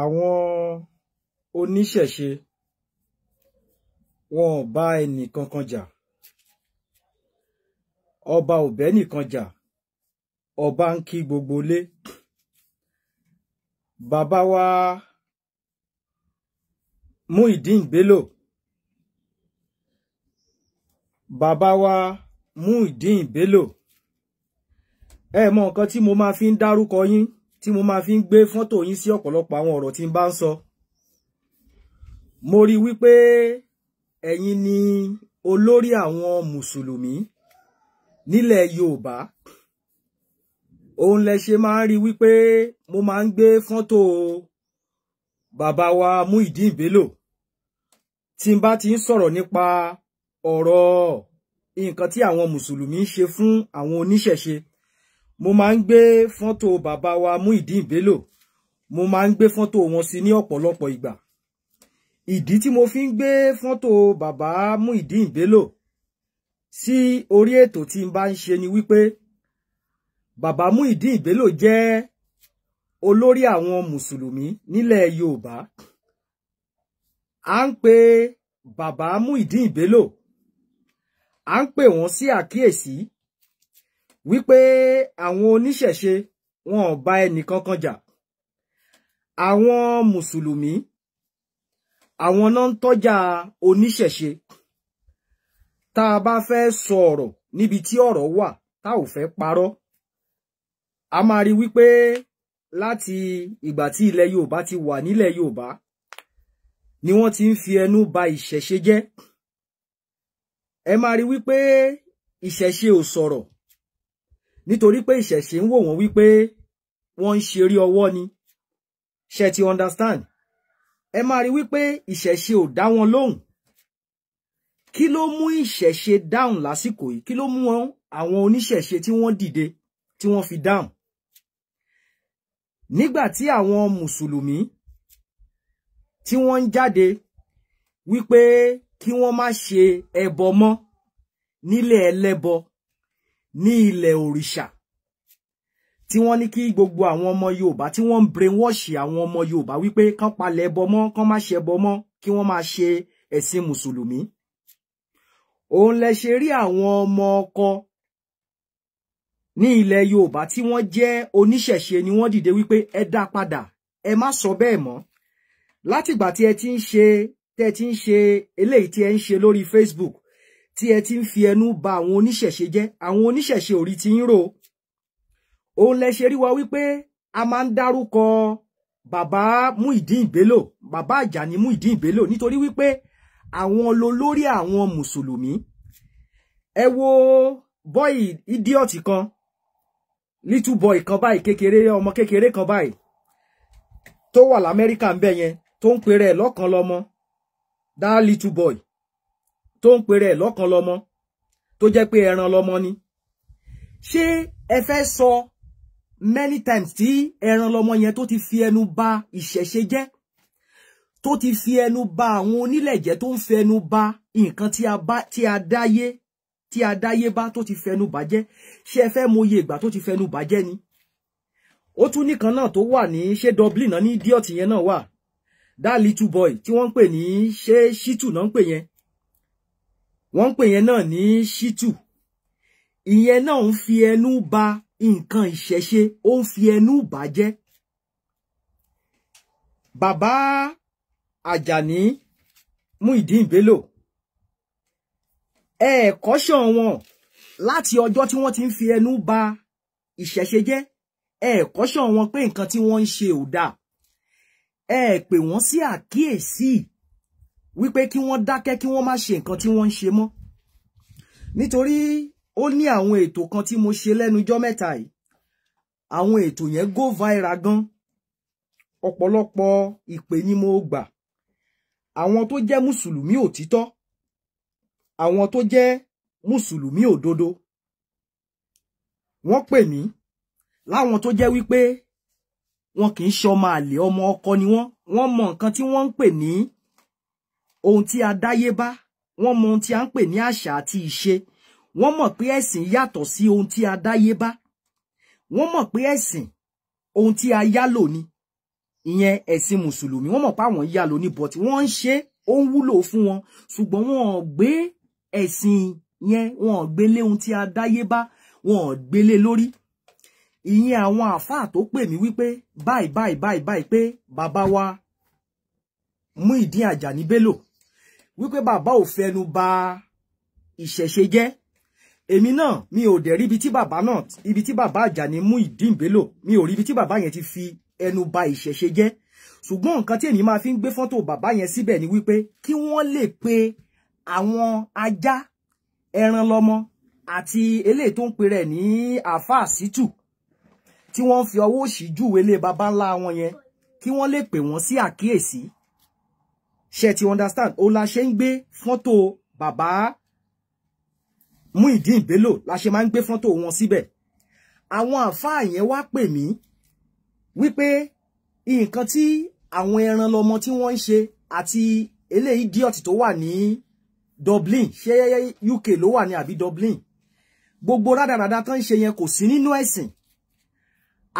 àwọn oníṣẹ̀ṣe wọn ò bá ẹnì kankan jà ọba ò bẹ́nìkan jà ọba ń kí gbogbo ilé bàbá wa Muyideen Bello bàbá wa Muyideen Bello ẹ mọ nǹkan tí mo máa fi ń dárúkọ yín tí mo máa fi ń gbé fọ́tò yín sí ọ̀pọ̀lọpọ̀ àwọn ọ̀rọ̀ tí n bá ń sọ mo rí wípé ẹ̀yin ni olórí àwọn mùsùlùmí nílẹ̀ Yorùbá òun lẹ ṣe máa ń rí wípé mo máa ń gbé fọ́tò bàbá wa Muyideen Bello tí n bá ti ń sọ̀rọ̀ nípa ọ̀rọ̀ nǹkan tí àwọn mùsùlùmí ń ṣe fún àwọn oníṣẹ̀ṣe mo máa ń gbé fọ́tò bàbá wa Muyideen Bello mo máa ń gbé fọ́tò wọn sí ní ọ̀pọ̀lọpọ̀ ìgbà ìdí tí mo fi ń gbé fọ́tò bàbá Muyideen Bello sí orí ètò tí n bá ń ṣe ni wípé bàbá Muyideen Bello jẹ́ olórí àwọn mùsùlùmí nílẹ̀ Yorùbá à ń pe bàbá Muyideen Bello à ń pè wọ́n sí àkíyèsí wípé àwọn oníṣẹ̀ṣe wọn ò bá ẹnìkankan jà àwọn mùsùlùmí àwọn náà ń tọ́jà oníṣẹ̀ṣe tá a bá fẹ́ sọ ọ̀rọ̀ níbi tí ọ̀rọ̀ wà tá ò fẹ́ parọ́ a máa rí wípé láti ìgbà tí ilẹ̀ Yorùbá ti wà nílẹ̀ Yorùbá ni wọ́n ti ń fi ẹnu ba ìṣẹ̀ṣe jẹ́ ẹ máa rí wípé ìṣẹ̀ṣe ò sọ̀rọ̀ nítorí pé ìṣẹ̀ṣe ń wò wọ́n wípé wọ́n ń ṣeré ọwọ́ ni ṣe ti understand ẹ máa rí wípé ìṣẹ̀ṣe ò dá wọn lóhùn kí ló mú ìṣẹ̀ṣe dáhùn lásìkò yìí kí ló mú àwọn oníṣẹ̀ṣe tí wọ́n dìde tí wọ́n fi dáhùn nígbà tí àwọn mùsùlùmí tí wọ́n ń jáde wípé kí wọ́n má ṣe ẹbọ mọ́ nílé ẹlẹ́bọ ní ilẹ̀ òrìṣà tí wọ́n ní kí gbogbo àwọn ọmọ Yorùbá tí wọ́n ń brainwash àwọn ọmọ Yorùbá wípé kán palẹ̀ ẹbọ mọ́ kán má ṣe ẹbọ mọ́ kí wọ́n máa ṣe ẹ̀sìn mùsùlùmí òun lẹ ṣe rí àwọn ọmọ ọkọ ní ilẹ̀ Yorùbá tí wọ́n jẹ́ oníṣẹ̀ṣe ni wọ́n dìde wípé ẹ dá padà ẹ má sọ bẹ́ẹ̀ mọ́ látìgbà tí ẹ ti ń ṣe tẹ́ ti ń ṣe eléyìí tí ẹ ń ṣe lórí Facebook tí ẹ ti ń fi ẹnu ba àwọn oníṣẹ̀ṣe jẹ́ àwọn oníṣẹ̀ṣe orí ti ń rò òun lẹ ṣe rí wa wípé a máa ń dárúkọ bàbá Muyideen Bello bàbá Àjàní Muyideen Bello nítorí wípé àwọn lolórí àwọn mùsùlùmí ẹ wo bọ́ì idiot kan little boy kan báyìí kékeré ọmọ kékeré kan báyìí tó wà lamẹ́ríkà ń bẹ̀ yẹn tó ń pèrè ẹ̀ lọ́kàn lọ́mọ that little boy tó ń pèrè lọ́kàn lọ́mọ tó jẹ́ pé ẹran lọ́mọ ni ṣé ẹ fẹ́ sọ many times tí ẹran lọ́mọ yẹn tó ti fi ẹnu ba ìṣẹ̀ṣe jẹ́ tó ti fi ẹnu ba àwọn onílẹ̀ jẹ́ tó ń fi ẹnu ba nǹkan tí a bá tí a dáyé tí a dáyé bá tó ti fẹnu bàjẹ́ ṣé ẹ fẹ́ mọye ìgbà tó ti fẹnu bàjẹ́ ni ó tún nìkan náà tó wà ní ṣé Dublin náà ní idiot yẹn náà wà that little boy tí wọ́n ń pè ní ṣé shitu náà ń pè yẹn wọ́n ń pè yẹn náà ní ṣítù ìyẹn náà ń fi ẹnu ba nǹkan ìṣẹ̀ṣe ó ń fi ẹnu bà jẹ́ bàbá Àjàní Muideen Bello ẹ̀ẹ́kọ́ṣọ́ wọn láti ọjọ́ tí wọ́n ti ń fi ẹnu ba ìṣẹ̀ṣe jẹ́ ẹ̀ẹ́kọ́ṣọ́ wọn pé nǹkan tí wọ́n ń ṣe ò dáa ẹ pè wọ́n sí àkíyèsí wípé kí wọ́n dákẹ́ kí wọ́n má ṣe nǹkan tí wọ́n ń ṣe mọ́ nítorí ó ní àwọn ètò kan tí mo ṣe lẹ́nu ijọ́ mẹ́ta yìí àwọn ètò yẹn go viral gan ọ̀pọ̀lọpọ̀ ìpè ni mo gbà àwọn tó jẹ́ mùsùlùmí òtítọ́ àwọn tó jẹ́ mùsùlùmí òdodo wọ́n pè mí láwọn tó jẹ́ wípé wọn kì í ṣọmọ àlè ọmọ ọkọ ni wọ́n wọ́n mọ nǹkan tí wọ́n ń pè ní ohun tí a dáyé bá wọ́n mọ ohun tí a ń pè ní àṣà àti ìṣe wọ́n mọ̀ pé ẹ̀sìn yàtọ̀ sí ohun tí a dáyé bá wọ́n mọ̀ pé ẹ̀sìn ohun tí a yálò ni ìyẹn ẹ̀sìn mùsùlùmí wọ́n mọ̀ pé àwọn yálò ni but wọ́n ń ṣe ó ń wúlò fún wọn ṣùgbọ́n wọn ò gbé ẹ̀sìn yẹn wọn ò gbélé ohun tí a dáyé bá wọn ò gbélé lórí ìyẹn àwọn àáfàá tó pè mí wípé báyìí báyìí báyìí báyìí pé bàbá wa Muyideen Ajani Bello wípé bàbá ò fẹnu ba ìṣẹ̀ṣe jẹ́ èmi náà mi ò dẹ̀ rí ibi tí bàbá náà ibi tí bàbá Àjàní Muyideen Bello mi ò rí ibi tí bàbá yẹn ti fi ẹnu ba ìṣẹ̀ṣe jẹ́ ṣùgbọ́n nǹkan tí èmi máa fi ń gbé fọ́tò bàbá yẹn síbẹ̀ ni wípé kí wọ́n lè pe àwọn ajá ẹran lọ́mọ àti eléyìí tó ń pè rẹ̀ ní àáfàá sítù tí wọ́n fi ọwọ́ òsì júwèé lé baba ńlá wọn yẹn kí wọ́n lè pè wọ́n sí àkíyèsí ṣe ti understand O la ṣe ń gbé fọ́tò bàbá Muyideen Bello la ṣe máa ń gbé fọ́tò wọn síbẹ̀ àwọn àfáà yẹn wá pè mí wípé nǹkan tí àwọn ẹran lọmọ tí wọ́n ń ṣe àti eléyìí idiot tó wà ní Dublin ṣé UK ló wà ní àbí Dublin gbogbo rádaràda tán ń ṣe yẹn kò sí nínú ẹ̀sìn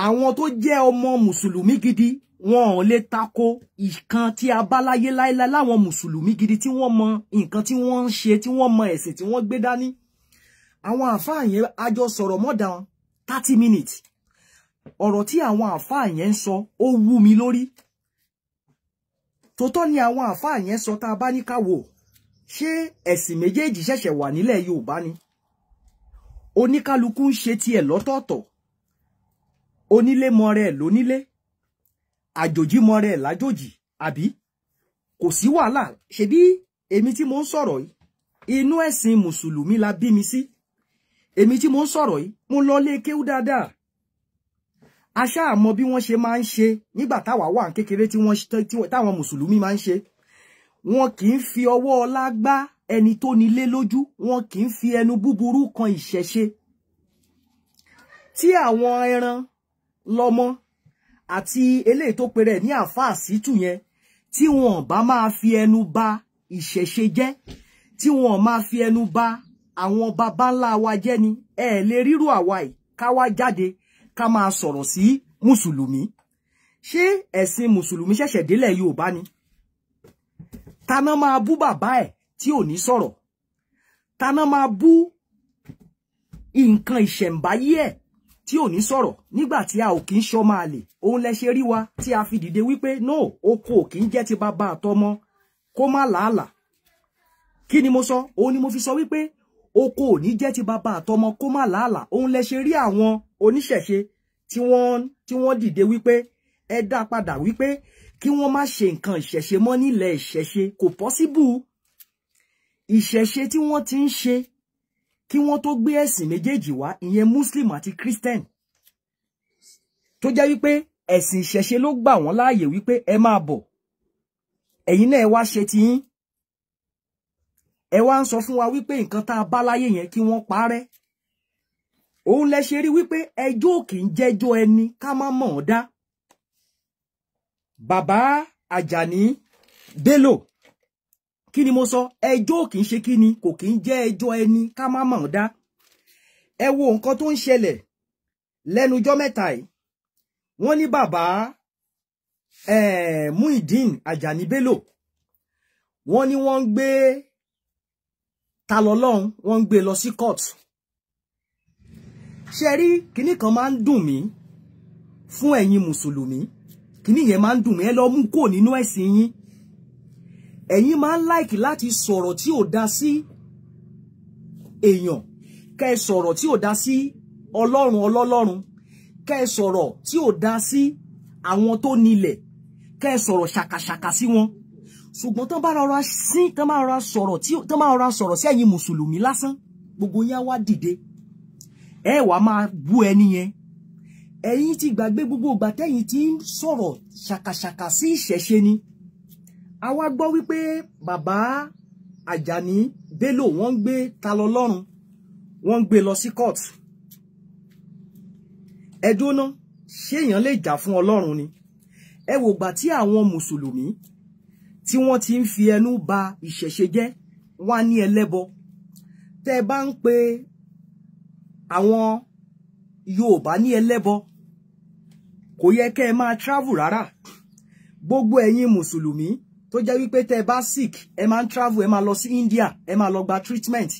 àwọn tó jẹ́ ọmọ mùsùlùmí gidi wọn ò lè tako ìkan tí a bá láyé láéláé láwọn mùsùlùmí gidi tí wọ́n mọ nǹkan tí wọ́n ń ṣe tí wọ́n mọ ẹ̀sìn tí wọ́n gbé dání àwọn àáfàá yẹn a jọ sọ̀rọ̀ more thirty minutes ọ̀rọ̀ tí àwọn àáfàá yẹn ń sọ ó wú mi lórí tòótọ́ ni àwọn àáfàá yẹn sọ tá a bá ní ká wò ṣé ẹ̀sìn méjèèjì ṣẹ̀ṣẹ̀ wà nílẹ̀ Yorùbá ni oníkálukú ń ṣe tiẹ̀ lọ́tọ̀ọ̀tọ̀ onílé mọrẹ ẹ lónílé àjòjì mọrẹ ẹ lájòjì àbí kò sí wàhálà ṣebí èmi tí mo ń sọ̀rọ̀ yìí inú ẹ̀sìn mùsùlùmí la bí mi sí èmi tí mo ń sọ̀rọ̀ yìí mo lọ lé kéwú dáadáa aṣá àmọ́ bí wọ́n ṣe máa ń ṣe nígbà táwa wà kékeré tí wọ́n táwọn mùsùlùmí máa ń ṣe wọn kì í fi ọwọ́ ọlá gbá ẹni tó nílé lójú wọn kì í fi ẹnu búburú kan ìṣẹ̀ṣe tí àwọn ẹran lọ́mọ àti eléyìí tó pèrè ní àáfàá sítù yẹn tí wọn bá máa fi ẹnu ba ìṣẹ̀ṣe jẹ́ tí wọn máa fi ẹnu ba àwọn baba ńlá wa jẹ́ ni ẹ lè ríru àwa yìí ká wá jáde ká máa sọ̀rọ̀ sí mùsùlùmí ṣé ẹ̀sìn mùsùlùmí ṣẹ̀ṣẹ̀ délẹ̀ Yorùbá ni taná máa bú bàbá ẹ̀ tí ò ní sọ̀rọ̀ taná máa bú nǹkan ìṣẹ̀ǹbáyé ẹ̀ tí ò ní sọ̀rọ̀ nígbà tí a ò kí ń ṣọmọ àlè òun lẹ ṣe rí wa tí a fi dìde wípé no oko ò kí ń jẹ́ ti bàbá àtọmọ kó má làálà kí ni mo sọ òun ni mo fi sọ wípé oko ò ní jẹ́ ti bàbá àtọmọ kó má làálà òun lẹ ṣe rí àwọn oníṣẹ̀ṣe tí wọ́n tí wọ́n dìde wípé ẹ dá padà wípé kí wọ́n má ṣe nǹkan ìṣẹ̀ṣe mọ́ nílẹ̀ ìṣẹ̀ṣe kò pọ́síbù ìṣẹ̀ṣe tí wọ́n ti ń ṣe kí wọ́n tó gbé ẹ̀sìn méjèèjì wá ìyẹn muslim àti christian tó jẹ́ wípé ẹ̀sìn ìṣẹ̀ṣe ló gbà wọ́n láàyè wípé ẹ máa bọ̀ ẹ̀yin náà ẹ wá ṣe ti yín ẹ wá ń sọ fún wa wípé nǹkan tá a bá láyé yẹn kí wọ́n parẹ́ òun lẹ ṣe rí wípé ẹjọ́ kì í jẹ́jọ́ ẹni ká má mọ̀ ọ́n dá bàbá Àjàní Bello Kini ni mo sọ ẹjọ́ kì í ṣe kí ni kò kì í jẹ́ ẹjọ́ ẹni ká má mọ̀ dá ẹ wo nǹkan tó ń ṣẹlẹ̀ lẹ́nujọ́ mẹ́ta yìí wọ́n ní Ajani belo, wọ́n ní wọ́n ń gbé ta lọ́lọ́run wọ́n ń gbé lọ sí court ṣe rí kinní kan máa ń dùn mí fún ẹ̀yin mùsùlùmí kinní yẹn máa ń dùn mí ẹ lọ mú kó nínú ẹ̀yin máa ń láìkì láti sọ̀rọ̀ tí ò dá sí èèyàn kẹ́ ẹ sọ̀rọ̀ tí ò dá sí ọlọ́run ọlọ́lọ́run kẹ́ ẹ sọ̀rọ̀ tí ò dá sí àwọn tó nílẹ̀ kẹ́ ẹ sọ̀rọ̀ ṣàkàṣàkà sí wọn ṣùgbọ́n tán bá rọra sí tán bá rọra sọ̀rọ̀ tí tán bá rọra sọ̀rọ̀ sí ẹ̀yin mùsùlùmí lásán gbogbo yẹn wá dìde ẹ wà máa bú ẹni yẹn ẹ̀yin ti gbàgbé gbogbo ìgbà tẹ́yin ti ń sọ̀rọ̀ ṣàkàṣàkà sí ìṣẹ̀ṣe ni a wá gbọ́ wípé bàbá Àjàní Bello wọ́n ń gbé ta lọ lọ́rùn wọ́n ń gbé lọ sí court ẹ jóná ṣé lè jà fún Ọlọ́run ni ẹ wò gbà tí àwọn mùsùlùmí tí wọ́n ti ń fi ẹnu ba ìṣẹ̀ṣe jẹ́ wá ní ẹlẹ́bọ tẹ́ ẹ bá ń pe àwọn Yorùbá ní ẹlẹ́bọ kò yẹ kẹ́ ẹ máa travel rárá gbogbo ẹ̀yin mùsùlùmí tó jẹ́ wípé tẹ́ ẹ sick ẹ máa travel ẹ máa lọ sí India ẹ máa lọ gba treatment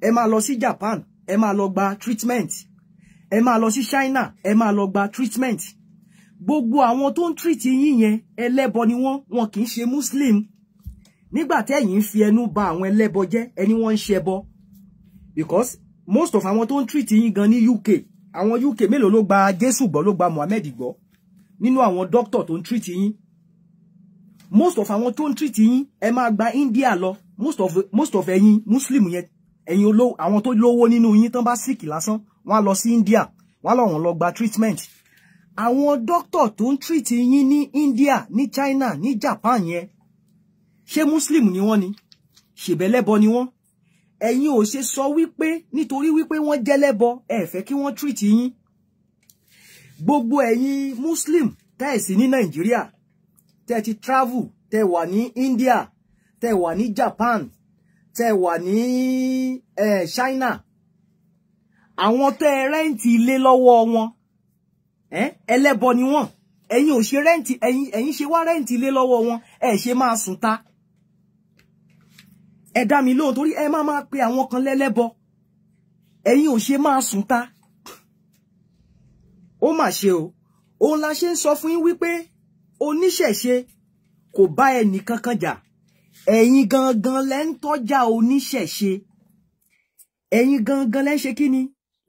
ẹ máa lọ sí Japan ẹ máa lọ gba treatment ẹ máa lọ sí China ẹ máa lọ gba treatment gbogbo àwọn tó ń treat yin yẹn ẹlẹ́bọ ni wọ́n wọn kì í ṣe Muslim nígbà yin fi ẹnu ba àwọn ẹlẹ́bọ jẹ́ ẹni wọ́n ń ṣẹbọ because most of àwọn tó ń treat yín gan ní UK àwọn UK mélòó lo gba Jesu gbọ́ ló gba Muhammed gbọ́ nínú àwọn dókítà tó ń treat yín most of àwọn tó ń treat yín ẹ máa gba India lọ most of most of ẹ̀yin muslim yẹn ẹ̀yin olówó àwọn tó lówó nínú yín tán bá sick lásán wọ́n á lọ sí India wọ́n á lọ wọ́n lọ gba treatment àwọn doctor tó ń treat yín ní India ní China ní Japan yẹn ṣé muslim ni wọ́n ni ṣèbẹ́lẹ́bọ ni wọ́n ẹ̀yin ò ṣe sọ wípé nítorí wípé wọ́n jẹ́lẹ́bọ ẹ fẹ́ kí wọ́n treat yín gbogbo ẹ̀yin muslim tẹ́ ẹ̀ sí ní Nàìjíríà tẹ́ ti travel tẹ́ wà ní India tẹ́ wà ní Japan tẹ́ wà ní eh, China àwọn tẹ́ rẹ́ǹtì ilé lọ́wọ́ wọn ẹlẹ́bọ ni wọ́n ẹ̀yin ò ṣe rẹ́ǹtì ẹ̀yin ẹ̀yin ṣe wá rẹ́ǹtì ilé lọ́wọ́ wọn ẹ ṣe máa sùn ta ẹ dá mi lóhùn torí ẹ má máa pe àwọn kan lẹ́lẹ́bọ ẹ̀yin ò ṣe máa sùn ta ó mà ṣe o òun la ṣe ń sọ fún yín wípé oníṣẹ̀ṣe kò bá ẹnì kankan jà ẹ̀yin gangan lẹ ń tọ́jà oníṣẹ̀ṣe ẹ̀yin gangan lẹ ń ṣe kíni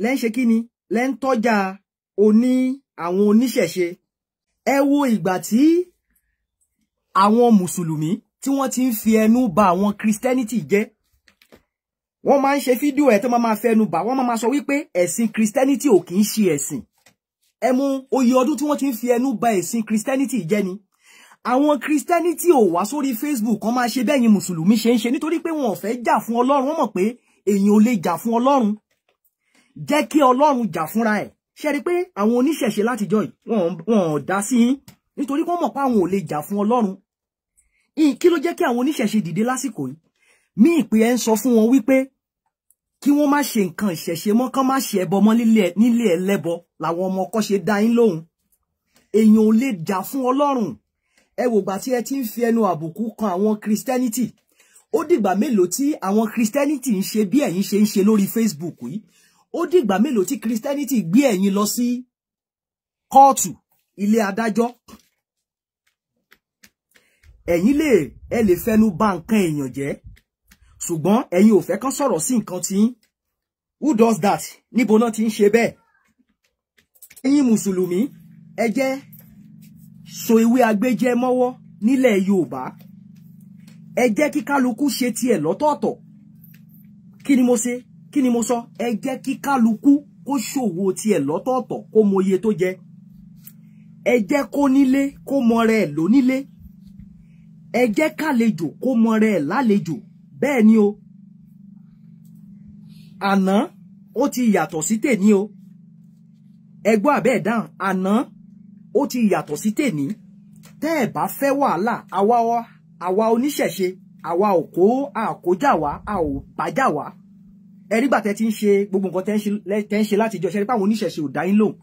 lẹ ń ṣe kíni lẹ ń tọ́jà oní àwọn oníṣẹ̀ṣe ẹ wo ìgbà tí àwọn mùsùlùmí tí wọ́n ti ń fi ẹnu bà àwọn christianity jẹ́ wọ́n máa ń ṣe fídíò ẹ̀ tó máa ma fẹnu bà wọ́n máa ma sọ wípé ẹ̀sìn christianity ò kì í ṣe ẹ̀sìn ẹ mú oyè ọdún tí wọ́n ti ń fi ẹnu ba ẹ̀sìn christianity jẹ́ ni àwọn christianity ò wá sórí facebook kan máa ṣe bẹ́ẹ̀ yín mùsùlùmí ṣe ń ṣe nítorí pé wọn ò fẹ́ jà fún ọlọ́run wọ́n mọ̀ pé èèyàn ò lè jà fún ọlọ́run jẹ́ kí ọlọ́run jà fúnra ẹ̀ ṣe rí i pé àwọn oníṣẹ̀ṣe látijọ́ yìí wọn ò dá sí yín nítorí pé wọ́n mọ̀ pé àwọn ò lè jà fún ọlọ́run kí ló jẹ́ kí àwọn oníṣẹ̀ṣe dìde lásìkò yìí mí ìpè ẹ ń sọ fún wọn wípé kí wọ́n má ṣe nǹkan ìṣẹ̀ṣe mọ́ kán má ṣe ẹbọ mọ́ nílé ẹlẹ́bọ làwọn ọmọ kan ṣe dá yín lóhùn èèyàn ò lè jà fún ọlọ́run ẹ wò gbà tí ẹ ti ń fi ẹnu àbùkù kan àwọn christianity ó dìgbà mélòó tí àwọn christianity ń ṣe bí ẹ̀yin ṣe ń ṣe lórí facebook yìí ó dìgbà mélòó tí christianity gbé ẹ̀yin lọ sí kóòtù ilé adájọ́ ẹ̀yin lè ẹ lè fẹnu bà nǹkan èèyàn jẹ́ ṣùgbọ́n ẹ̀yin ò fẹ́ kán sọ̀rọ̀ sí nǹkan tí who does that níbo náà ti ń ṣe bẹ́ẹ̀ ẹ̀yin mùsùlùmí ẹ jẹ́ so ewé agbéjẹ mọ́wọ́ nílẹ̀ yorùbá ẹ jẹ́ kí kálukú ṣe tiẹ̀ lọ́tọ̀ọ̀tọ̀ kí ni mo ṣe kí ni mo sọ ẹ jẹ́ kí kálukú kó ṣòwò tiẹ̀ lọ́tọ̀ọ̀tọ̀ kó mọ iye tó jẹ ẹ jẹ́ kó nílé kó mọrẹ ẹ̀ lónílé ẹ jẹ́ kálejò kó mọrẹ ẹ̀ lálejò bẹ́ẹ̀ ni o àná ó ti yàtọ̀ sí tèmi o ẹgbọ́n àbẹ́ ẹ̀dáhùn àná ó ti yàtọ̀ sí tèmi tẹ́ ẹ̀ bá fẹ́ wàhálà àwa àwa oníṣẹ̀ṣe àwa ò kó àkójà wa a ò bájà wa ẹ̀rí gbà tẹ́ ti ń ṣe gbogbo nǹkan tẹ́ ń ṣe látijọ́ ṣẹ́rí pàwọn oníṣẹ̀ṣe ò dá yín lóhùn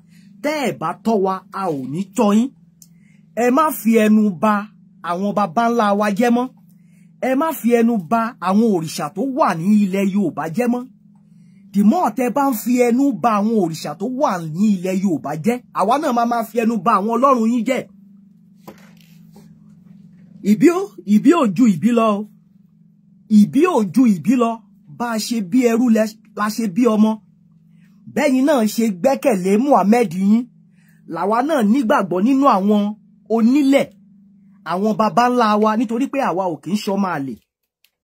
tẹ́ ẹ̀ bá tọ́ wa a ò ní tọ́ yín ẹ má fi ẹnu ba àwọn baba ńlá wa jẹ́ mọ́ ẹ má fi ẹnu ba àwọn òrìṣà tó wà ní ilẹ̀ Yorùbá jẹ́ mọ́ the more tẹ bá ń fi ẹnu bà àwọn òrìṣà tó wà ní ilẹ̀ Yorùbá jẹ́ àwa náà máa máa fi ẹnu bà àwọn ọlọ́run yín jẹ́ ìbí ò ìbí ò ju ìbí lọ ìbí ò ju ìbí lọ bá a ṣe bí ẹrú la ṣe bí ọmọ bẹ́yìn náà ṣe gbẹ́kẹ̀lé Muhammed yín làwa náà nígbàgbọ́ nínú àwọn onílẹ̀ àwọn baba ńlá wa nítorí pé àwa ò kì í ṣọmọ àlè